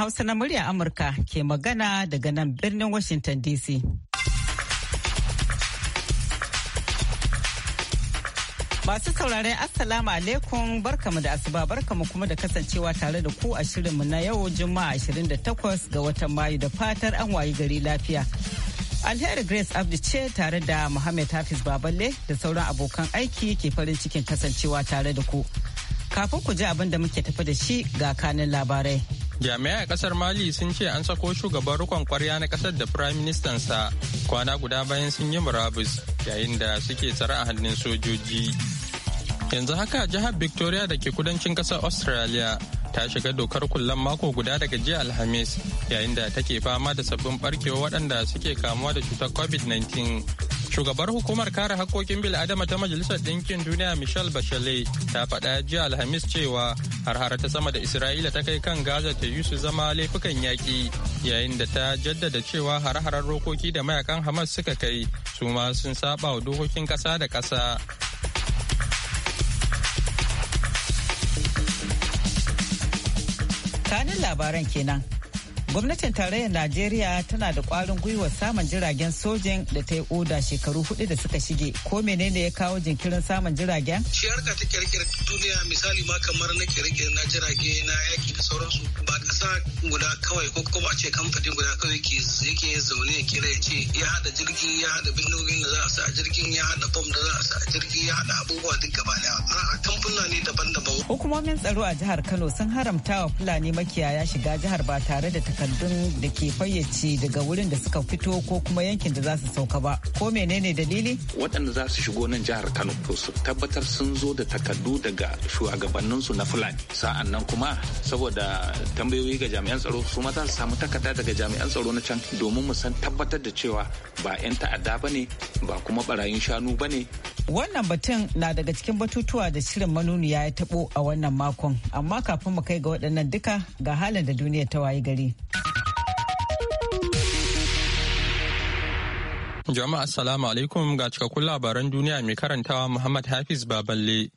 Hausa na murya Amurka ke magana daga nan birnin Washington DC. Masu saurare Assalamu alaikum barkamu da asuba barkamu kuma da kasancewa tare da ku a shirinmu na yau Juma'a 28 ga watan Mayu da fatar an wayi gari lafiya. Alheri Grace Abdi ce tare da Muhammad Hafiz Baballe da sauran abokan aiki ke farin cikin kasancewa tare da ku. Kafin ku ji abin da muke tafi da shi ga kanin labarai. jami'ai a kasar mali sun ce an sako shugaban rukon kwarya na kasar da prime minister sa kwana guda bayan sun yi murabus yayin da suke tsare a hannun sojoji yanzu haka jihar victoria da ke kudancin kasar australia ta shiga dokar kullan mako guda daga jiya alhamis yayin da take fama da sabbin barkewa waɗanda suke kamuwa da cutar covid-19 Shugabar hukumar kare haƙƙoƙin bil'adama ta Majalisar Ɗinkin Duniya Michelle Bachelet ta faɗa jiya Alhamis cewa har ta sama da Isra'ila ta kai kan Gaza ta yi su zama laifukan yaƙi yayin da ta jaddada cewa har-harar rokoki da mayakan Hamas suka kai su ma sun saba wa dokokin ƙasa da ƙasa. Kanin labaran kenan. Gwamnatin tarayyar Najeriya tana da kwarin gwiwa samun jiragen sojin da ta yi oda shekaru hudu da suka shige. Ko menene ya kawo jinkirin samun jiragen? Shi harka ta kirkira duniya misali ma kamar na kirkira na jirage na yaki da sauransu ba kasa guda kawai ko kuma a ce kamfanin guda kawai ke yake zaune ya kira ya ce ya hada jirgi ya hada bindigogin da za a sa a jirgin ya hada bom da za a sa a jirgi ya hada abubuwa duk gaba daya. A'a hukumomin tsaro a jihar kano sun haramta wa fulani makiyaya shiga jihar ba tare da takardun da ke fayyace daga wurin da suka fito ko kuma yankin da za su sauka ba ko menene dalili waɗanda za su shigo nan jihar kano to su tabbatar sun zo da takardu daga shugabanninsu na fulani sa'an nan kuma saboda tambayoyi ga jami'an tsaro su ma za su samu takarda daga jami'an tsaro na can domin mu san tabbatar da cewa ba 'yan ta'adda ba ne ba kuma barayin shanu ba ne Wannan batun na daga cikin batutuwa da shirin manuniya ya tabo a wannan makon, amma kafin mu kai ga waɗannan duka ga halin da duniya ta wayi gari. Jama'a assalamu alaikum ga cikakkun labaran duniya mai karantawa Muhammad Hafiz Baballe.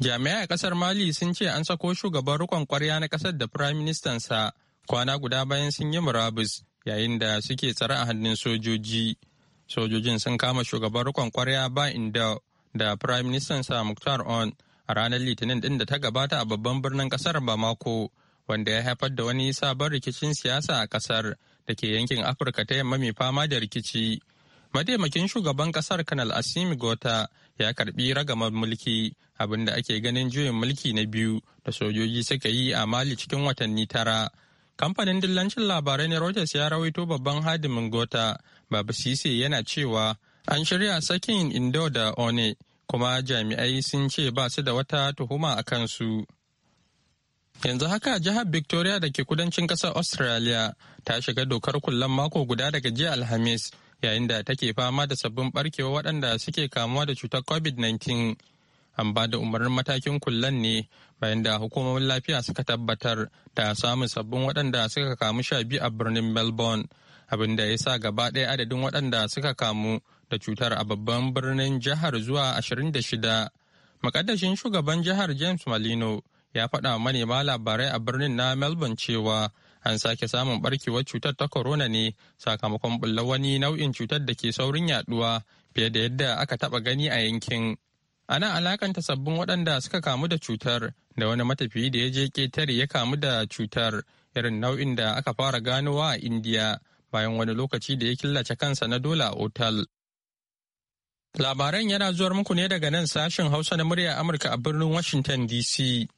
Jami'ai a kasar Mali sun ce an sako shugaban rikon kwarya na kasar da firayim ministansa kwana guda bayan sun yi murabus yayin da suke tsare a hannun sojoji. Sojojin sun kama shugaban rikon kwarya ba inda da Prime Minister sa Muktar On a ranar Litinin din da ta gabata a babban birnin kasar Bamako wanda ya haifar da wani sabon rikicin siyasa a kasar da ke yankin Afirka ta yamma mai fama da rikici. Mataimakin shugaban kasar Kanal Asimi Gota ya karbi ragamar mulki abinda ake ganin juyin mulki na biyu da sojoji suka yi a Mali cikin watanni tara. Kamfanin dillancin labarai na Reuters ya rawaito babban hadimin Gota Baba Sise yana cewa an shirya sakin Indo da One kuma jami'ai sun ce ba su da wata tuhuma a kansu. Yanzu haka jihar Victoria da ke kudancin ƙasar Australia ta shiga dokar kullum mako guda daga jiya Alhamis yayin da take fama da sabbin barkewa waɗanda suke kamuwa da cutar COVID-19. An ba da umarnin matakin kullan ne bayan da hukumomin lafiya suka tabbatar da samun sabbin waɗanda suka kamu sha biyu a birnin Melbourne abin da ya sa gaba ɗaya adadin waɗanda suka kamu da cutar a babban birnin jihar zuwa 26. Makaddashin shugaban jihar James Malino ya faɗa manema labarai a birnin na Melbourne cewa an sake samun barkewar cutar ta corona ne sakamakon bulla wani nau'in cutar da ke saurin yaduwa fiye da yadda aka taɓa gani a yankin. Ana alakanta sabbin waɗanda suka kamu da cutar da wani matafiyi da ya je ketare ya kamu da cutar irin nau'in da aka fara ganowa a Indiya. bayan wani lokaci da ya killace kansa na dole a otal. Labaran yana zuwar muku ne daga nan sashen Hausa na murya Amurka a birnin Washington DC.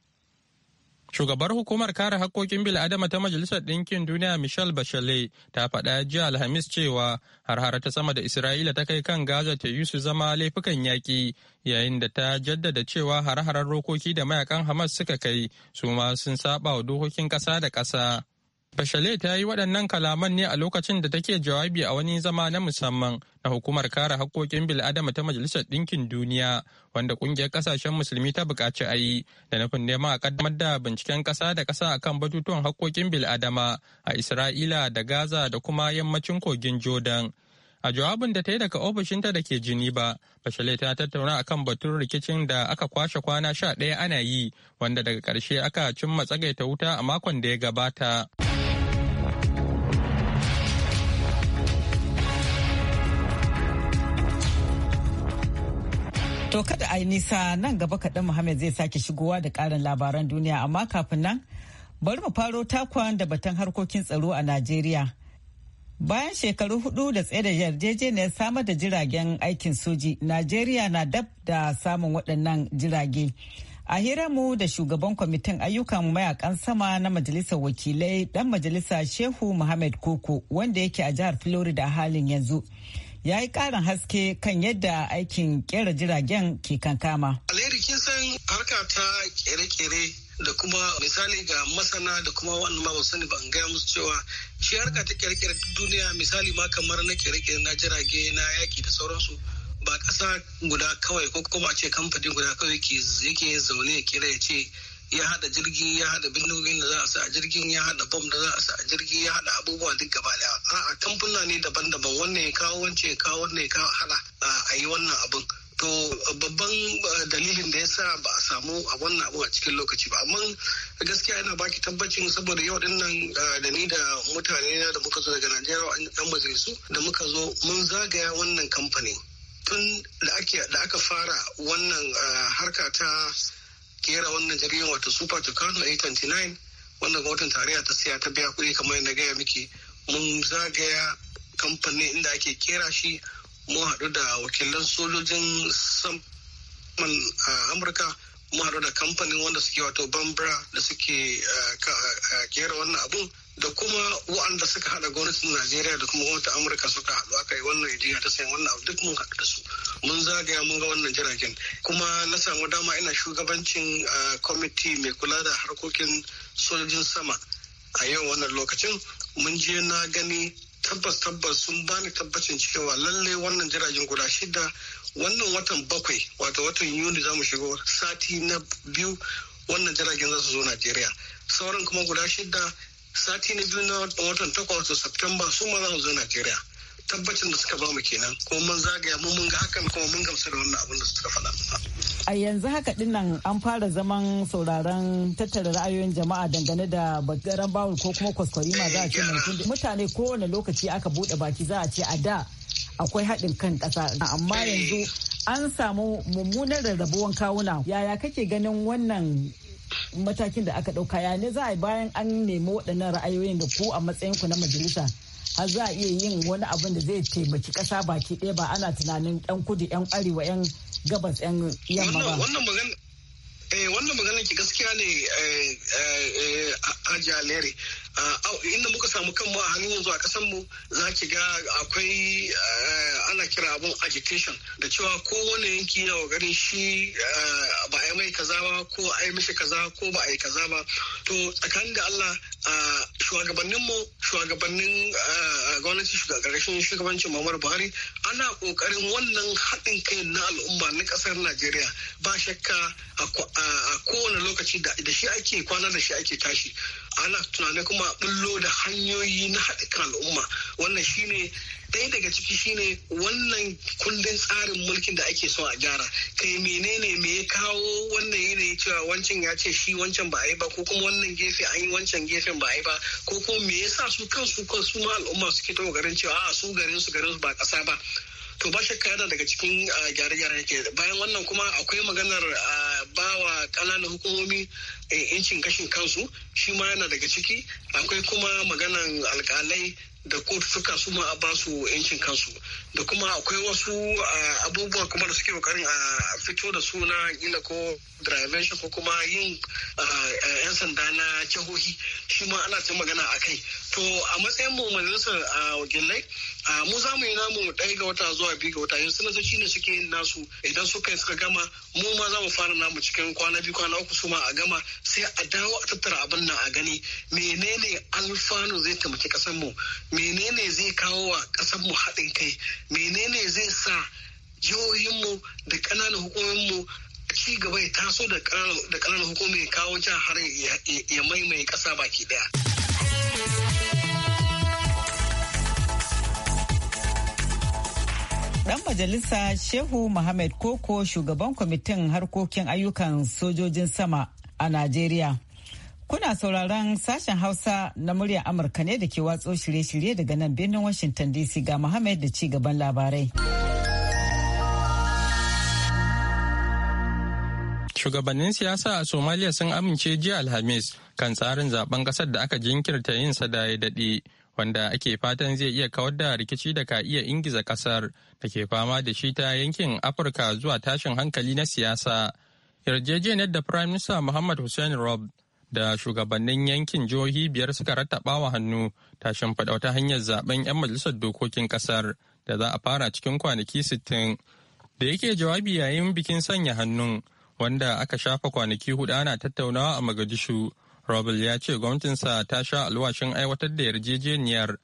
Shugabar hukumar kare haƙƙoƙin bil'adama ta Majalisar Ɗinkin Duniya Michelle Bachelet ta faɗa jiya Alhamis cewa harhara ta sama da Isra'ila ta kai kan Gaza ta yi su zama laifukan yaƙi yayin da ta jaddada cewa harar rokoki da mayakan Hamas suka kai su ma sun saba wa dokokin ƙasa da ƙasa. Bashale ta yi waɗannan kalaman ne a lokacin da take jawabi a wani zama na musamman na hukumar kare haƙƙoƙin bil'adama ta Majalisar Ɗinkin Duniya wanda ƙungiyar ƙasashen musulmi ta buƙaci a yi da nufin neman a ƙaddamar da binciken ƙasa da ƙasa akan batutuwan haƙƙoƙin bil'adama a Isra'ila da Gaza da kuma yammacin kogin Jordan. A jawabin da ta yi daga ofishinta da ke Geneva, Bashale ta tattauna akan batun rikicin da aka kwashe kwana sha ɗaya ana yi, wanda daga ƙarshe aka cimma tsagaita wuta a makon da ya gabata. To kada a nisa nan gaba kaɗan Muhammad zai sake shigowa da ƙarin labaran duniya amma kafin nan bari mu faro takwan da batun harkokin tsaro a Najeriya. Bayan shekaru hudu da tsaye da yarjejeniyar samar da jiragen aikin soji, Najeriya na dab da samun waɗannan jirage. A mu da shugaban kwamitin ayyukan mayakan sama na majalisar wakilai ɗan majalisa Shehu Muhammad Koko wanda yake a jihar Florida halin yanzu. ya yi ƙarin haske kan yadda aikin kera jiragen ke kankama. Alheri kin san harka ta kere-kere da kuma misali ga masana da kuma wannan ma sani ban gaya musu cewa shi harka ta kere-kere duniya misali ma kamar na kere-kere na jirage na yaki da sauransu ba ƙasa guda kawai ko kuma ce kamfanin guda kawai yake zaune ya kera ya ce ya hada jirgi ya hada bindigogin da za a sa a jirgin ya hada bom da za a sa a jirgi ya hada abubuwa duk gaba daya a'a kamfuna ne daban-daban wannan ya kawo wancan ya kawo wannan ya kawo hada a yi wannan abin to babban dalilin da ya sa ba a samu a wannan abu a cikin lokaci ba amma gaskiya yana baki tabbacin saboda yau din nan da ni da mutane na da muka zo daga najeriya yan majalisu da muka zo mun zagaya wannan kamfani tun da aka fara wannan harka ta kera wannan jirgin wata super tucano 829 wannan watan tarayya ta siya ta biya kuɗi kamar yadda gaya miki mun zagaya kamfani inda ake kera shi mun haɗu da wakilan sojojin saman a amurka mun haɗu da kamfanin wanda suke wato bambara da suke kera wannan abun da kuma waɗanda suka haɗa gwamnatin Najeriya da kuma gwamnatin Amurka suka haɗu aka yi wannan yarjejeniya ta sayan wannan abu duk mun haɗu da su mun zagaya mun ga wannan jiragen kuma na samu dama ina shugabancin kwamiti mai kula da harkokin sojojin sama a yau wannan lokacin mun je na gani tabbas tabbas sun bani tabbacin cewa lallai wannan jiragen guda shida wannan watan bakwai wato watan yuni za mu shigo sati na biyu wannan jiragen za su zo najeriya sauran kuma guda shida sati na biyu na watan takwas da Septemba su ma za mu zo Najeriya. Tabbacin da suka ba mu kenan kuma mun zagaya mu mun ga hakan kuma mun gamsu da wannan abin da suka faɗa A yanzu haka dinnan an fara zaman sauraron tattara ra'ayoyin jama'a dangane da bagaren bawul ko kuma kwaskwarima za a ce mutane kowane lokaci aka buɗe baki za a ce a da akwai haɗin kan ƙasa amma eh. yanzu an samu mummunar rarrabuwan kawuna yaya kake ganin wannan matakin da aka ɗauka ya ne za a bayan an nemi waɗannan ra'ayoyin da ku a matsayin ku na majalisa har za a iya yin wani abin da zai taimaki ƙasa baki ɗaya ba ana tunanin yan kudu yan arewa yan gabas yan yamma ba. wannan magana eh, ki gaskiya ne eh, eh, a jalere Ah, inda muka samu kanmu a hannun yanzu a kasan mu za ki ga akwai eh, ana kira abun agitation da cewa kowane yanki na ganin shi eh, ba a yi mai kaza ba ko a yi mishi kaza ko ba a yi kaza ba to tsakanin da Allah ah, shugabanninmu shugabannin eh, gwamnati ƙarshen shugabancin Muhammadu Buhari ana kokarin wannan haɗin kai na al'umma na ƙasar Najeriya ba shakka a kowane lokaci da shi ake kwana da shi ake tashi ana tunanin kuma bullo da hanyoyi na haɗin kan al'umma wannan shine ɗaya daga ciki shine wannan kundin tsarin mulkin da ake so a gyara kai menene me ya kawo wannan yanayi cewa wancan ya ce shi wancan ba a yi ba ko kuma wannan gefe an yi wancan gefen ba a yi ba ko kuma me yasa su kansu su ma al'umma suke ta garin cewa a su garin su garin su ba kasa ba to ba shakka yana daga cikin ah, gyare-gyare ke bayan wannan kuma akwai maganar ah, bawa kananan hukumomi eh, incin gashin kansu shi ma yana daga ciki akwai kuma maganar alkalai da kotu suka su ma a ba su yancin kansu da kuma akwai wasu abubuwa kuma da suke kokarin a fito da suna ila ko drivention ko kuma yin yan sanda na jihohi shi ma ana ta magana a kai to a matsayin mu majalisar wakilai mu za mu yi namu ɗaya ga wata zuwa biyu ga wata yanzu sanatoci ne suke yin nasu idan suka suka gama mu ma za mu fara namu cikin kwana biyu kwana uku su ma a gama sai a dawo a tattara abin nan a gani menene alfanu zai taimaki ƙasar mu menene zai kawo wa ƙasarmu haɗin kai menene zai sa jihohinmu da ƙananan hukumominmu ci gaba ya taso da ƙananan hukumomi ya kawo jihar har ya maimai ƙasa baki ɗaya. Ɗan majalisa Shehu Muhammad Koko shugaban kwamitin harkokin ayyukan sojojin sama a Najeriya Kuna sauraron sashen Hausa na muryar Amurka ne da ke watso shirye-shirye daga nan birnin Washington DC ga Muhammad da ci gaban labarai. Shugabannin siyasa a somalia sun amince jiya Alhamis kan tsarin zaben kasar da aka jinkirta yin sadaye daɗe wanda ake fatan zai iya kawar da rikici da ka iya ingiza kasar da ke fama da shi ta yankin Afirka zuwa tashin hankali na siyasa. Yarjejeniyar da Prime Minister Muhammad Hussein Rob da shugabannin yankin jihohi biyar suka rattaba wa hannu ta shimfiɗa wata hanyar zaben 'yan majalisar dokokin ƙasar da za a fara cikin kwanaki 60 da yake jawabi yayin bikin sanya hannun wanda aka shafa kwanaki hudu ana tattaunawa a magadishu robel ya ce gwamnatinsa ta sha alwashin aiwatar da yarjejeniyar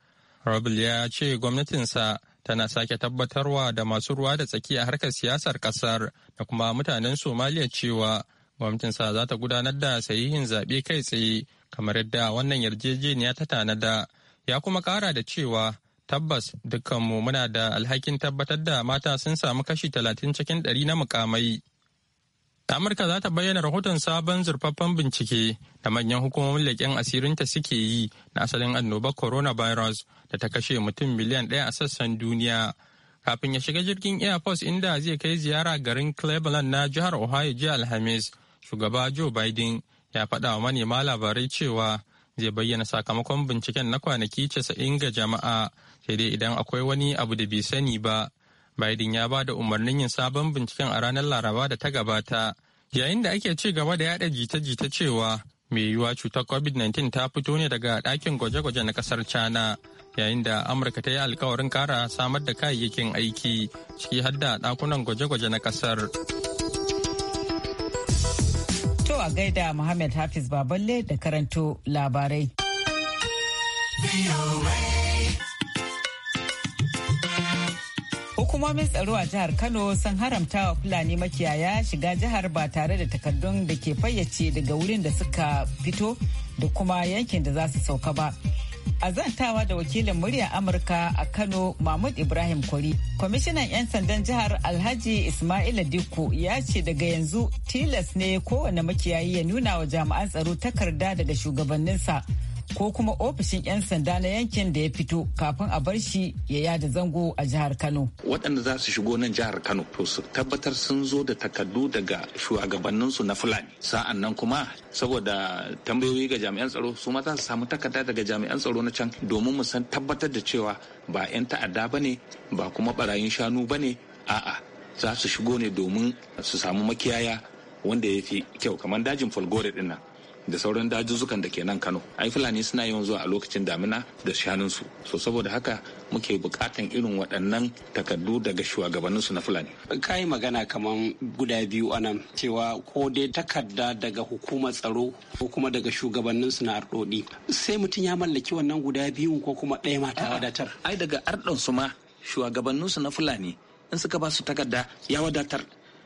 robel ya ce gwamnatinsa tana sake tabbatarwa da masu ruwa da tsaki a harkar siyasar kasar da kuma mutanen somaliya cewa gwamnatinsa za ta gudanar da sahihin zaɓe kai tsaye kamar yadda wannan yarjejeniya ta tanada ya kuma kara da cewa tabbas dukkanmu muna da alhakin tabbatar da mata sun samu kashi talatin cikin ɗari na mukamai. Amurka za ta bayyana rahoton sabon zurfaffen bincike da manyan hukumomin leƙen asirinta suke yi na asalin annobar coronavirus da ta kashe mutum miliyan ɗaya a sassan duniya. Kafin ya shiga jirgin Air Force inda zai kai ziyara garin Cleveland na jihar Ohio jiya Alhamis, shugaba joe biden ya faɗa wa manema labarai cewa zai bayyana sakamakon binciken na kwanaki casa'in ga jama'a sai dai idan akwai wani abu da bai sani ba biden ya ba da umarnin yin sabon binciken a ranar laraba da ta gabata yayin da ake ci gaba da yada jita-jita cewa mai yiwuwa cutar covid-19 ta fito ne daga ɗakin gwaje-gwaje na kasar china yayin da amurka ta yi alkawarin kara samar da kayayyakin aiki ciki har da ɗakunan gwaje-gwaje na kasar. a gaida Muhammad Hafiz Baballe da karanto labarai. Hukumomin tsaro a jihar Kano sun haramta wa Fulani makiyaya shiga jihar ba tare da takardun da ke fayyace daga wurin da suka fito da kuma yankin da za su sauka ba. a zantawa da wakilin muryar amurka a kano mahmud ibrahim kwari kwamishinan 'yan sandan jihar alhaji ismaila dikko ya ce daga yanzu tilas ne kowane makiyayi ya nuna wa jami'an tsaro takarda daga shugabanninsa ko kuma ofishin 'yan sanda na yankin da ya fito kafin a bar shi ya yada zango a jihar Kano. Waɗanda za su shigo nan jihar Kano to su tabbatar sun zo da takardu daga shugabanninsu na Fulani. Sa'an nan kuma saboda tambayoyi ga jami'an tsaro su ma za su samu takarda daga jami'an tsaro na can domin mu san tabbatar da cewa ba 'yan ta'adda ba ne ba kuma barayin shanu ba ne a'a za su shigo ne domin su samu makiyaya wanda ya fi kyau kamar dajin folgore dinnan. da sauran dajuzzukan da ke nan kano ai fulani suna yawan zuwa a lokacin damina da shanunsu so saboda haka muke bukatan irin waɗannan takardu daga shugabanninsu na fulani ka magana kamar guda biyu nan. cewa ko dai takarda daga hukumar tsaro ko kuma daga shugabannin su na ardodi sai mutum ya mallaki wannan guda biyu ko kuma ɗaya ma ta wadatar ai daga su ma shugabannin su na fulani in suka ba su takarda ya wadatar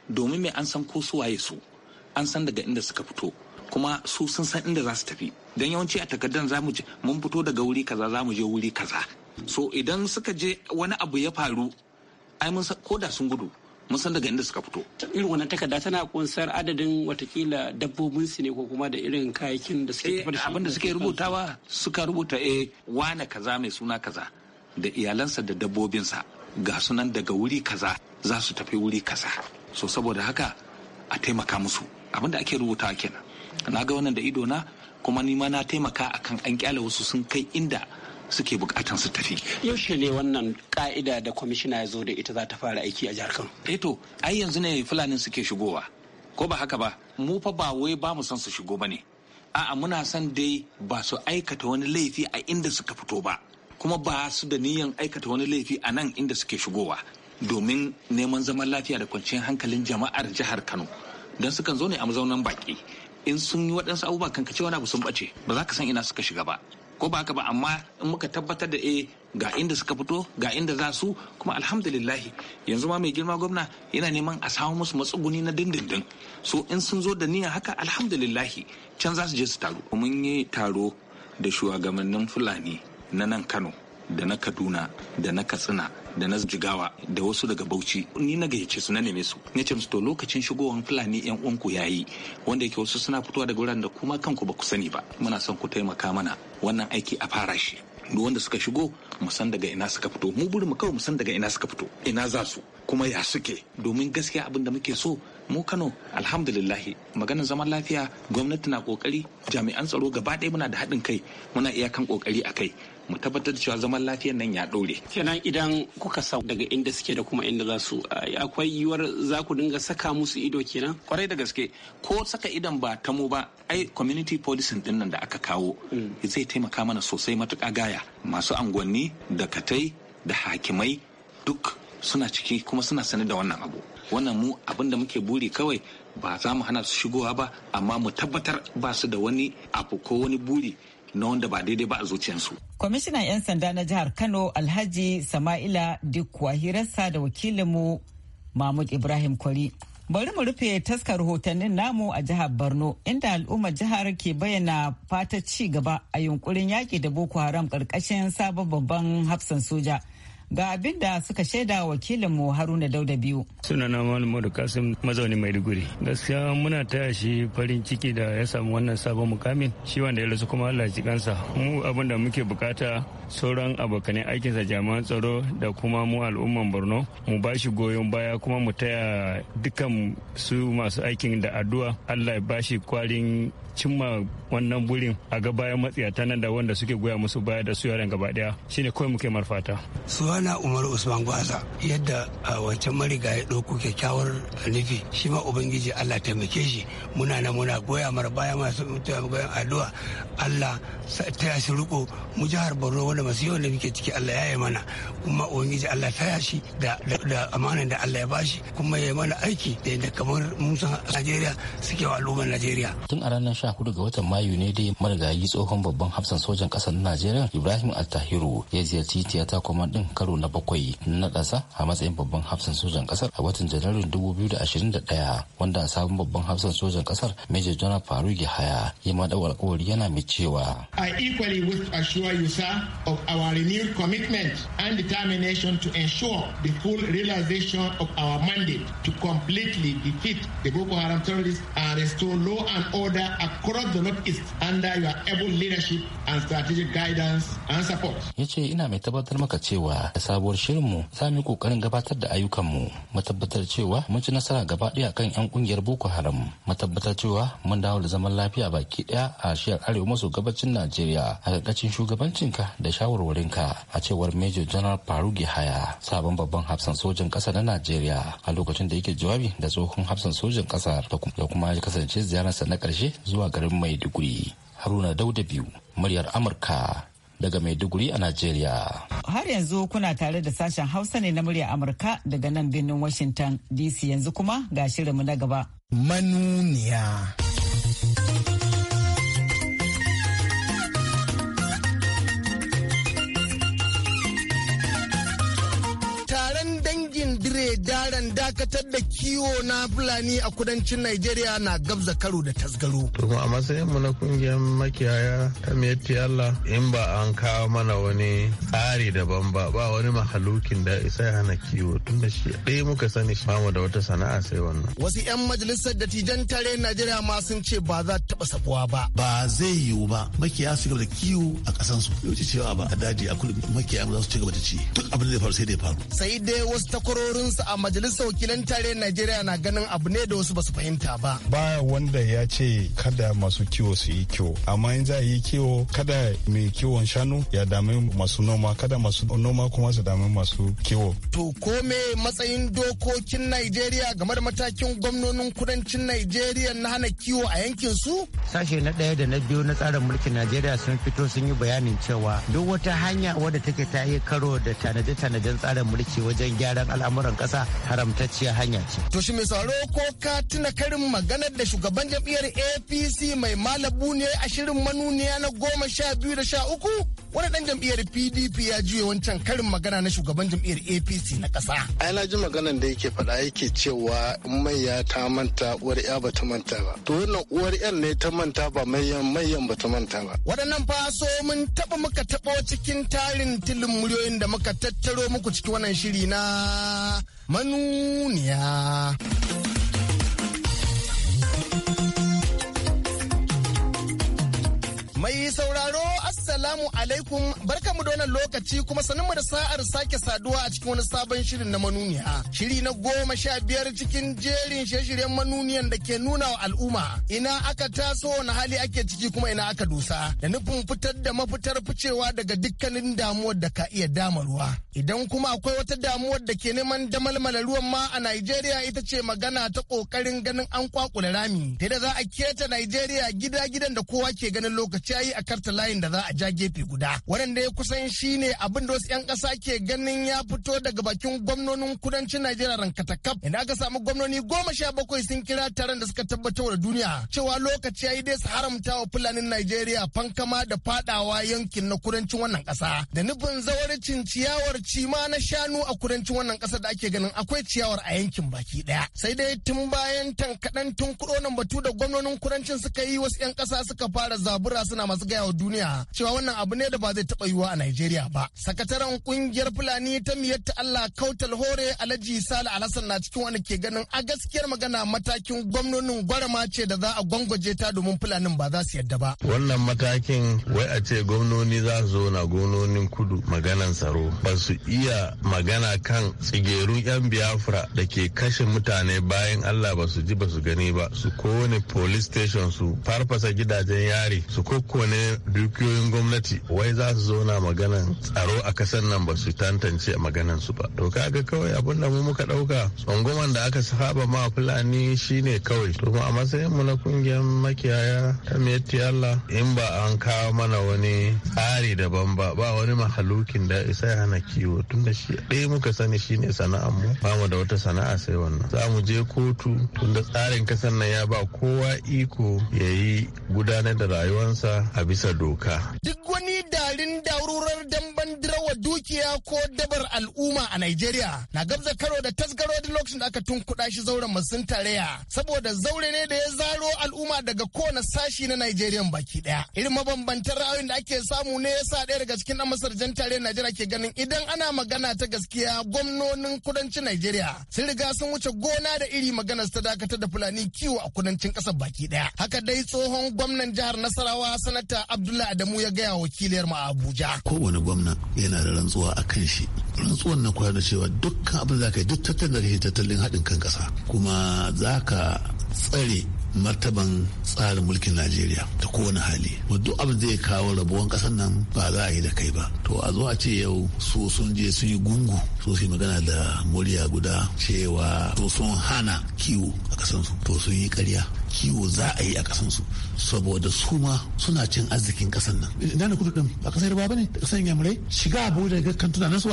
domin mai an san ko su waye su an san daga inda suka fito kuma su sun san inda za su tafi don yawanci a takardar za mu mun fito daga wuri kaza za mu je wuri kaza so idan suka je wani abu ya faru ai mun ko da sun gudu mun san daga inda suka fito irin wannan takarda tana kunsar adadin watakila dabbobin su ne ko kuma da irin kayakin da suke tafi da eh, abin da suke rubutawa suka rubuta eh wane kaza mai suna kaza da iyalansa da dabbobinsa ga sunan daga wuri kaza za su tafi wuri kaza so saboda haka a taimaka musu abin da ake rubutawa kenan na ga wannan da ido na kuma ni ma na taimaka akan an kyale wasu sun kai inda suke bukatan su tafi. Yaushe ne wannan ka'ida da kwamishina ya zo da ita za ta fara aiki a jihar Kano? Eto, eh ai yanzu ne Fulanin suke shigowa. Ko ba haka ba, mu fa ba wai ba mu son su shigo ba ne. A'a muna son dai ba su aikata wani laifi a inda suka fito ba. Kuma ba su da niyan aikata wani laifi a nan inda suke shigowa. Domin neman zaman lafiya da kwanciyar hankalin jama'ar jihar Kano. Don sukan zo ne a mazaunan baki. in sun yi waɗansu abubuwa kan kace wani abu sun bace ba za ka san ina suka shiga ba ko ba haka ba amma in muka tabbatar da eh ga inda suka fito ga inda za su kuma alhamdulillahi yanzu ma mai girma gwamna yana neman a samu musu matsuguni na dindindin so in sun zo da niyya haka alhamdulillahi can za su je su taro mun yi taro da shugabannin fulani na nan kano da na kaduna da na katsina da na jigawa da wasu daga bauchi ni na gayyace su na neme su ne ce to lokacin shigowan fulani yan uwanku yayi wanda yake wasu suna fitowa daga wuraren da kuma kanku ba ku sani ba muna son ku taimaka mana wannan aiki a fara shi duk wanda suka shigo mu san daga ina suka fito mu burin mu kawai mu san daga ina suka fito ina za su kuma ya suke domin gaskiya abin da muke so mu Kano alhamdulillahi maganar zaman lafiya gwamnati na kokari jami'an tsaro gaba ɗaya muna da haɗin kai muna iya kan kokari a kai mu tabbatar da cewa zaman lafiyar nan ya ɗore. kenan idan kuka sa daga inda suke da kuma inda za su eh, akwai yiwuwar za ku dinga saka musu ido kenan kwarai da gaske ko saka idan ba ta mu ba ai community policing din nan da aka kawo hmm. zai taimaka mana sosai matuƙa gaya masu angonni da katai da hakimai duk suna ciki kuma suna sane da wannan abu wannan mu abinda muke buri kawai ba za mu hana su shigowa ba amma mu tabbatar ba su da wani abu ko wani buri na wanda ba daidai ba a zuciyarsu. kwamishinan 'yan sanda na jihar kano alhaji sama'ila dikwa hirarsa da wakilinmu mahmud ibrahim kwari Bari mu rufe taskar rahotannin namu a jihar Borno inda al'ummar jihar ke bayyana fata ci gaba a yunkurin yaki da Boko Haram karkashin sabon babban hafsan soja. ga abin da suka shaida wakilin mu haruna dauda biyu sunana malamu da kasim mazauni maiduguri gaskiya muna taya shi farin ciki da ya samu wannan sabon mukamin shi wanda ya rasu kuma allah ji kansa mu abin da muke bukata sauran abokanai aikinsa jami'an tsaro da kuma mu al'umman borno mu ba shi goyon baya kuma mu taya dukkan su masu aikin da addu'a allah ya bashi kwarin cimma wannan burin a ga bayan matsiyata nan da wanda suke goya musu baya da su yaren gaba daya shine kawai muke marfata maulana umar usman gwaza yadda wancan mariga ya ɗauko kyakkyawar nufi shi ma ubangiji allah taimake shi muna na muna goya mara baya masu goyon addu'a allah ta ya shi riko mu jihar borno wanda masu yawan da muke ciki allah ya yi mana kuma ubangiji allah ta shi da amanan da allah ya bashi kuma ya yi mana aiki da yadda kamar musa nigeria suke wa al'ummar nigeria. tun a ranar sha hudu ga watan mayu ne dai marigayi tsohon babban hafsan sojan ƙasar najeriya ibrahim altahiru ya ziyarci tiyata kwamandan karo karo na bakwai na naɗasa a matsayin babban hafsan sojan ƙasar a watan janairun 2021 wanda sabon babban hafsan sojan ƙasar major general faruk haya ya ma dau alkawari yana mai cewa i equally wish to assure you sir of our renewed commitment and determination to ensure the full realization of our mandate to completely defeat the boko haram terrorists and restore law and order across the northeast under your able leadership and strategic guidance and support ya ce ina mai tabbatar maka cewa da sabuwar shirinmu za mu yi kokarin gabatar da ayyukanmu mu tabbatar cewa mun ci nasara gaba ɗaya kan 'yan kungiyar boko haram mu tabbatar cewa mun dawo da zaman lafiya baki ɗaya a shiyar arewa maso gabacin najeriya a ƙarƙashin shugabancinka da shawarwarinka a cewar major general farugi haya sabon babban hafsan sojin kasa na najeriya a lokacin da yake jawabi da tsohon hafsan sojin ƙasa da kuma ya kasance ziyararsa na ƙarshe zuwa garin maiduguri haruna dauda biyu muryar amurka daga Maiduguri a Najeriya. Har yanzu kuna tare da sashen Hausa ne na murya Amurka daga nan birnin Washington DC yanzu kuma ga shirinmu na gaba. Manuniya. daren dakatar da kiwo na Fulani a kudancin Najeriya na gabza karo da tasgaro. Kuma a matsayin mu na kungiyar makiyaya ta miyatti Allah in ba an kawo mana wani tsari daban ba ba wani mahalukin da isa ya hana kiwo tun da shi ɗaya muka sani mu da wata sana'a sai wannan. Wasu 'yan majalisar dattijan tare Najeriya ma sun ce ba za taɓa sabuwa ba. Ba zai yiwu ba makiyaya su gaba da kiwo a su. Yau cewa ba a daji a kullum makiyaya za su ci gaba da ci duk abin da ya faru sai da ya faru. Sai dai wasu takwarorinsu a majalisar wakilan tare Najeriya na ganin abu ne da wasu basu fahimta ba. ba wanda ya ce kada masu kiwo su yi kiwo, amma in za a yi kiwo kada mai kiwon shanu ya dami masu noma, kada masu noma kuma su dami masu kiwo. To ko me matsayin dokokin Najeriya game da matakin gwamnonin kudancin Najeriya na hana kiwo a yankin su? Sashe na ɗaya da na biyu na tsarin mulkin Najeriya sun fito sun yi bayanin cewa duk wata hanya wadda take ta yi karo da tanade-tanaden tsarin mulki wajen gyaran al'amuran ƙasa ƙasa haramtacciyar hanya ce. To shi mai ko ka tuna karin maganar da shugaban jam'iyyar APC mai malabu ne a shirin manuniya na goma sha biyu da sha uku? wani dan jam'iyyar pdp ya juya wancan karin magana na shugaban jam'iyyar apc na kasa ai na ji maganan da yake faɗa yake cewa maiya ta manta uwar ya bata manta ba to wannan uwar yan ne ta manta ba mayan ba bata manta ba waɗannan fa so mun taɓa muka taɓo cikin tarin tilin muryoyin da muka tattaro muku ciki wannan shiri na manuniya mai sauraro Assalamu alaikum barkamu da wannan lokaci kuma sanin mu da sa'ar sake saduwa a cikin wani sabon shirin na manuniya. Shiri na goma sha biyar cikin jerin shirye-shiryen manuniyan da ke nuna wa al'umma ina aka taso wani hali ake ciki kuma ina aka dusa da nufin fitar da mafitar ficewa daga dukkanin damuwar da ka iya damarwa. Idan kuma akwai wata damuwar da ke neman damalmala ruwan ma a Najeriya ita ce magana ta kokarin ganin an kwakula rami. Ta da za a keta Najeriya gida-gidan da kowa ke ganin lokaci a yi a karta layin da za a ja ja gefe guda wannan dai kusan shine abin da wasu 'yan kasa ke ganin ya fito daga bakin gwamnonin kudancin najeriya rankatakaf inda aka samu gwamnoni goma sha bakwai sun kira taron da suka tabbatar da duniya cewa lokaci ya yi dai su haramta wa fulanin najeriya fankama da fadawa yankin na kudancin wannan ƙasa da nufin zawarcin ciyawar cima na shanu a kudancin wannan kasa da ake ganin akwai ciyawar a yankin baki daya sai dai tun bayan tankaɗan tun kuɗo nan batu da gwamnonin kudancin suka yi wasu 'yan kasa suka fara zabura suna masu gaya wa duniya cewa wannan abu ne da ba zai taɓa yiwuwa a Najeriya ba. Sakataren kungiyar Fulani ta miyatta Allah Kautal Hore Alhaji Sale Alhassan na cikin wani ke ganin a gaskiyar magana matakin gwamnonin gwarama ce da za a gwangwaje ta domin Fulanin ba za su yadda ba. Wannan matakin wai a ce gwamnoni za su zo na gwamnonin kudu maganan tsaro ba su iya magana kan tsigerun 'yan Biafra da ke kashe mutane bayan Allah ba su ji ba su gani ba su kone police station su farfasa gidajen yari su kokkone dukiyoyin gwamnati gwamnati wai za su zauna maganan tsaro a kasar nan ba su tantance maganan su ba to kaga kawai abin da mu muka dauka tsangwaman da aka saba ma fulani shine kawai to a matsayin mu na kungiyar makiyaya ta meti Allah in ba an kawo mana wani tsari daban ba ba wani mahalukin da isa ya hana kiwo tunda shi ɗaya muka sani shine sana'ar mu ba mu da wata sana'a sai wannan za mu je kotu tunda tsarin kasar nan ya ba kowa iko yayi gudanar da rayuwansa a bisa doka duk duk wani dakarun darurar damban dirawa dukiya ko dabar al'umma a Najeriya na gabza karo da tasgaro da lokacin da aka kuɗa shi zauren masun tarayya saboda zaure ne da ya zaro al'umma daga kowane sashi na Najeriya baki daya. Irin mabambantan ra'ayoyin da ake samu ne yasa ɗaya daga cikin ɗan masar jan tarayyar Najeriya ke ganin idan ana magana ta gaskiya gwamnonin kudancin Najeriya sun riga sun wuce gona da iri maganar ta dakatar da Fulani kiwo a kudancin ƙasar baki daya. Haka dai tsohon gwamnan jihar Nasarawa sanata Abdullahi Adamu ya gaya wakiliyar mu a Abuja. Kowane gwamna yana da rantsuwa a kan shi. Rantsuwan na da cewa dukkan abin za ka yi duk tattalin da tattalin haɗin kan ƙasa. Kuma za ka tsare martaban tsarin mulkin najeriya ta kowane hali duk abin zai kawo rabuwan kasar nan ba za a yi da kai ba to a zo a ce yau su sun je sun yi gungu su su magana da murya guda cewa to sun hana kiwo a kasansu to sun yi karya kiwo za a yi a kasansu saboda su ma suna cin arzikin kasan nan ina ne kudu din ba kasar ba ne kasan yamurai shiga abu da ga kan tunanin su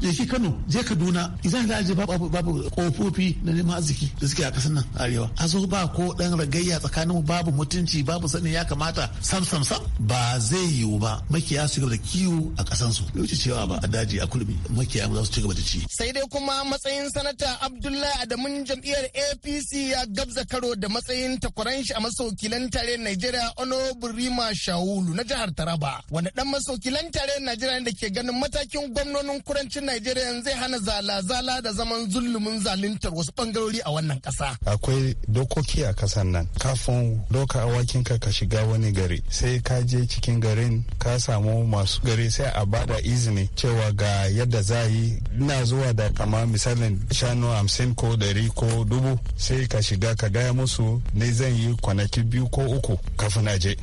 je shi Kano je Kaduna idan da je babu babu kofofi na neman arziki da suke a kasar nan arewa a zo ba ko dan ragayya tsakanin babu mutunci babu sanin ya kamata sam sam sam ba zai yiwu ba makiya su gaba da kiwo a kasan su lokaci cewa ba a daji a kulmi makiya za su ci gaba da ci sai dai kuma matsayin sanata Abdullahi Adamun jam'iyyar APC ya gabza karo da matsayin takwaran shi a masokilan tare Najeriya Honorable Rima Shawulu na jihar Taraba wanda dan masokilan tare Najeriya da ke ganin matakin gwamnonin kurancin. arewacin Najeriya zai hana zala-zala da zaman zulumin zaluntar wasu bangarori a wannan kasa. Akwai dokoki a kasan nan. Kafin doka awakin ka ka shiga wani gari sai ka je cikin garin ka samu masu gari sai a bada izini cewa ga yadda za yi ina zuwa da kama misalin shanu hamsin ko dari ko dubu sai ka shiga ka gaya musu ne zan yi kwanaki biyu ko uku kafin aje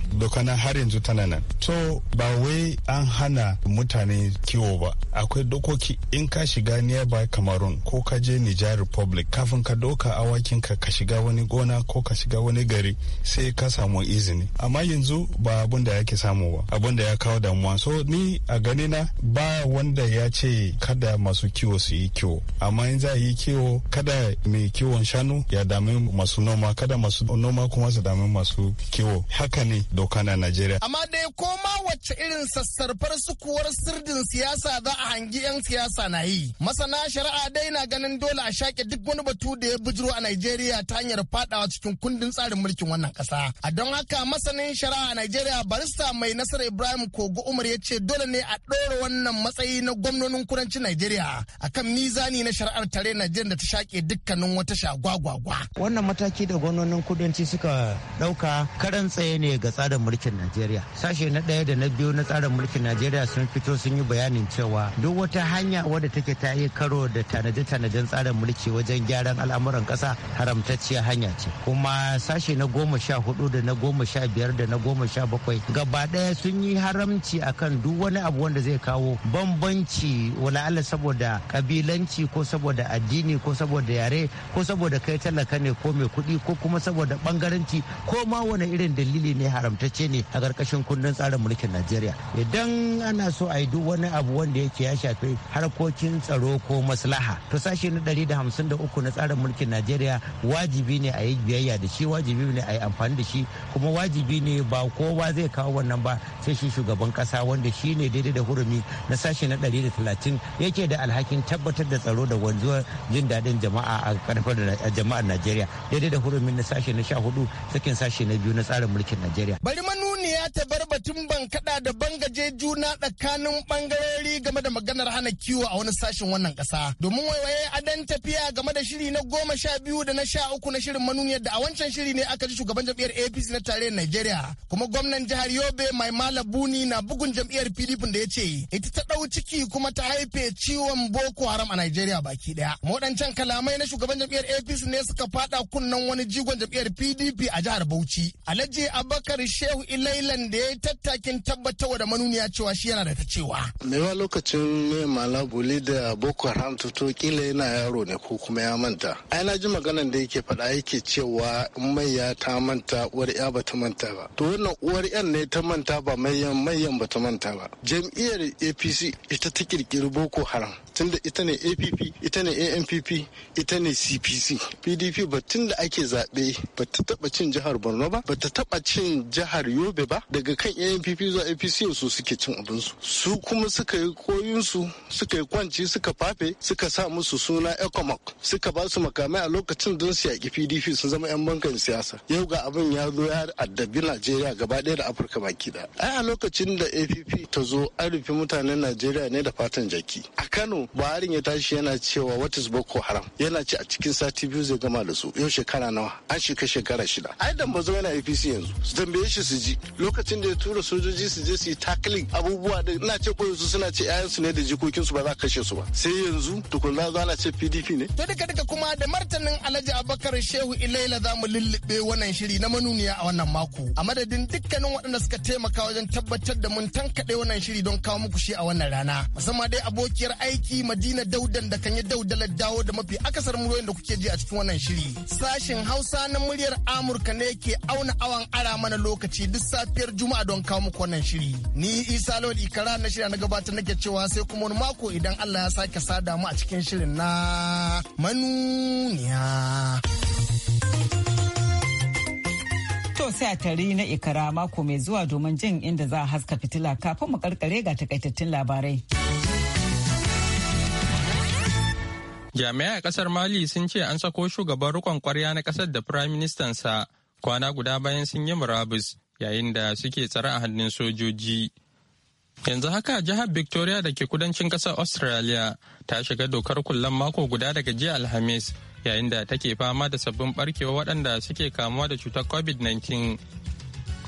na har yanzu tana nan to ba wai an hana mutane kiwo ba akwai dokoki ciki in ka shiga nearby cameroon ko ka je niger republic kafin ka doka awakin ka ka shiga wani gona ko ka shiga wani gari sai ka samu izini amma yanzu ba abun da yake samu ba abun da ya kawo damuwa so ni a gani na ba wanda ya ce kada masu kiwo su yi kiwo amma in za a yi kiwo kada mai kiwon shanu ya dami masu noma kada masu noma kuma su dami masu kiwo haka ne doka na najeriya amma dai koma wacce irin sassarfar sukuwar sirdin siyasa za a hangi 'yan siyasa siyasa na yi. Masana shari'a dai na ganin dole a shaƙe duk wani batu da ya bujiro a Najeriya ta hanyar fadawa cikin kundin tsarin mulkin wannan ƙasa. A don haka masanin shari'a a Najeriya barista mai nasarar Ibrahim Kogo Umar ya ce dole ne a ɗora wannan matsayi na gwamnonin kudancin Najeriya kan mizani na shari'ar tare Najeriya da ta shaƙe dukkanin wata shagwagwagwa. Wannan mataki da gwamnonin kudanci suka ɗauka karan tsaye ne ga tsarin mulkin Najeriya. Sashe na ɗaya da na biyu na tsarin mulkin Najeriya sun fito sun yi bayanin cewa duk wata hanya hanya wadda take ta yi karo da tanade-tanaden tsarin mulki wajen gyaran al'amuran ƙasa haramtacciya hanya ce kuma sashe na goma sha hudu da na goma sha biyar da na goma sha bakwai gaba ɗaya sun yi haramci akan duk wani abu wanda zai kawo bambanci wala'ala saboda kabilanci ko saboda addini ko saboda yare ko saboda kai talaka ne ko mai kuɗi ko kuma saboda bangaranci ko ma wani irin dalili ne haramtacce ne a ƙarƙashin kundin tsarin mulkin najeriya idan ana so a yi duk wani abu wanda yake ya shafi har harkokin tsaro ko maslaha to sashe na 153 na tsarin mulkin najeriya wajibi ne a yi biyayya da shi wajibi ne a yi amfani da shi kuma wajibi ne ba kowa zai kawo wannan ba sai shi shugaban kasa wanda shi ne daidai da hurumi na sashe na 130 yake da alhakin tabbatar da tsaro da wanzuwar jin daɗin jama'a a karfar jama'ar najeriya daidai da hurumi na sashe na 14 sakin sashe na biyu na tsarin mulkin najeriya bari manu ya tabar batun ban kada da bangaje juna tsakanin bangarori game da maganar hana kiwo a wani sashen wannan kasa. Domin waiwaye adan tafiya game da shiri na goma sha biyu da na sha uku na shirin manuniyar da a wancan shiri ne aka ji shugaban jam'iyyar APC na tarayyar Najeriya. Kuma gwamnan jihar Yobe mai buni na bugun jam'iyyar PDP da ya ce ita ta dau ciki kuma ta haife ciwon Boko Haram a Najeriya baki ɗaya. Waɗancan kalamai na shugaban jam'iyyar APC ne suka fada kunnan wani jigon jam'iyyar PDP a jihar Bauchi. Alhaji abakar Shehu Ilai Island da ya yi tattakin tabbatarwa da manuniya cewa shi yana da ta cewa. Me ba lokacin mai malabuli da Boko Haram tuto kila yana yaro ne ko kuma ya manta. Ai na ji maganan da yake faɗa yake cewa in maiya ta manta uwar ya ba ta manta ba. To wannan uwar yan ne ta manta ba mayan mayan ba ta manta ba. Jam'iyyar APC ita ta kirkiri Boko Haram. tunda ita ne app ita ne ampp ita ne cpc pdp ba tunda ake zaɓe ba ta taɓa cin jihar borno ba ba ta taɓa cin jihar yobe ba daga kan ampp zuwa apc su suke cin abinsu su kuma suka yi koyinsu suka yi kwanci suka fafe suka sa musu suna ecomoc suka ba su makamai a lokacin don su yaƙi pdp sun zama 'yan bankan siyasa yau ga abin ya zo ya addabi najeriya gaba ɗaya da afirka baki ɗaya ai a lokacin da app ta zo an rufe mutanen najeriya ne da fatan jaki a kano buharin ya tashi yana cewa what is Boko Haram yana ce a cikin sati biyu zai gama da su yau shekara nawa an shika shekara shida ai dan bazo yana APC yanzu su tambaye shi su ji lokacin da ya tura sojoji su je su yi tackling abubuwa da ina ce ko yanzu suna ce ayansu ne da jikokin su ba za kashe su ba sai yanzu tukunna za na ce PDP ne to duka duka kuma da martanin Alhaji Abubakar Shehu Ilaila za mu lullube wannan shiri na manuniya a wannan mako a madadin dukkanin waɗanda suka taimaka wajen tabbatar da mun tankaɗe wannan shiri don kawo muku shi a wannan rana musamman dai abokiyar aiki sarki Madina Daudan da kan yi daudalar dawo da mafi akasar muryoyin da kuke ji a cikin wannan shiri. Sashen Hausa na muryar Amurka ne ke auna awan ara mana lokaci duk safiyar Juma'a don kawo muku wannan shiri. Ni Isa Lawal Ikara na shirya na gabatar nake cewa sai kuma wani mako idan Allah ya sake sada mu a cikin shirin na manuniya. sai a tari na ikara mako mai zuwa domin jin inda za a haska fitila kafin mu karkare ga takaitattun labarai. Jami'ai a kasar Mali sun ce an sako shugaban rikon kwarya na kasar da sa kwana guda bayan sun yi murabus yayin da suke tsare a hannun sojoji. Yanzu haka jihar Victoria da ke kudancin kasar Australia ta shiga dokar kullum mako guda daga jiya Alhamis yayin da take fama da sabbin barkewa waɗanda suke kamuwa da cutar COVID-19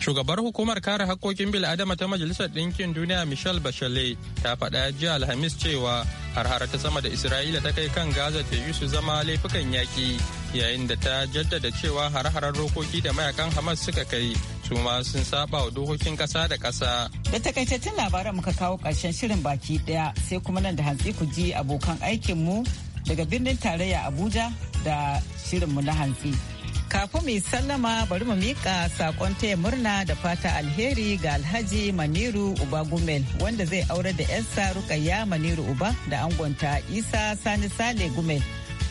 Shugabar hukumar kare harkokin bil'adama ta Majalisar Ɗinkin Duniya Michelle Bachelet ta faɗa jiya Alhamis cewa har ta sama da Isra'ila ta kai kan Gaza ta yi su zama laifukan yaƙi yayin da ta jaddada cewa har-harar rokoki da mayakan Hamas suka kai su ma sun saba wa dokokin ƙasa da ƙasa. Da takaitattun labaran muka kawo ƙarshen shirin baki ɗaya sai kuma nan da hantsi ku ji abokan aikinmu daga birnin tarayya Abuja da shirin mu na hantsi. Kafin mai sallama bari mu miƙa saƙon taya murna da fata alheri ga Alhaji Maniru Uba Gumel wanda zai aure da 'yansa Rukayya Maniru Uba da angonta Isa Sani Sale Gumel.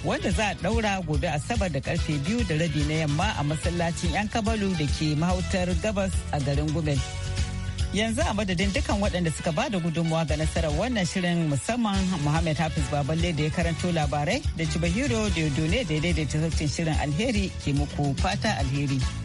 wanda za a ɗaura gobe asabar da karfe biyu da rabi na yamma a masallacin yan kabalu da ke mahautar gabas a garin gumel Yanzu a madadin dukkan waɗanda suka ba da gudunmawa ga nasarar wannan shirin musamman Muhammad Hafiz Baballe da ya karanto labarai da Chibahiro Diodone da ya daidaita sautin shirin alheri ke muku fata alheri.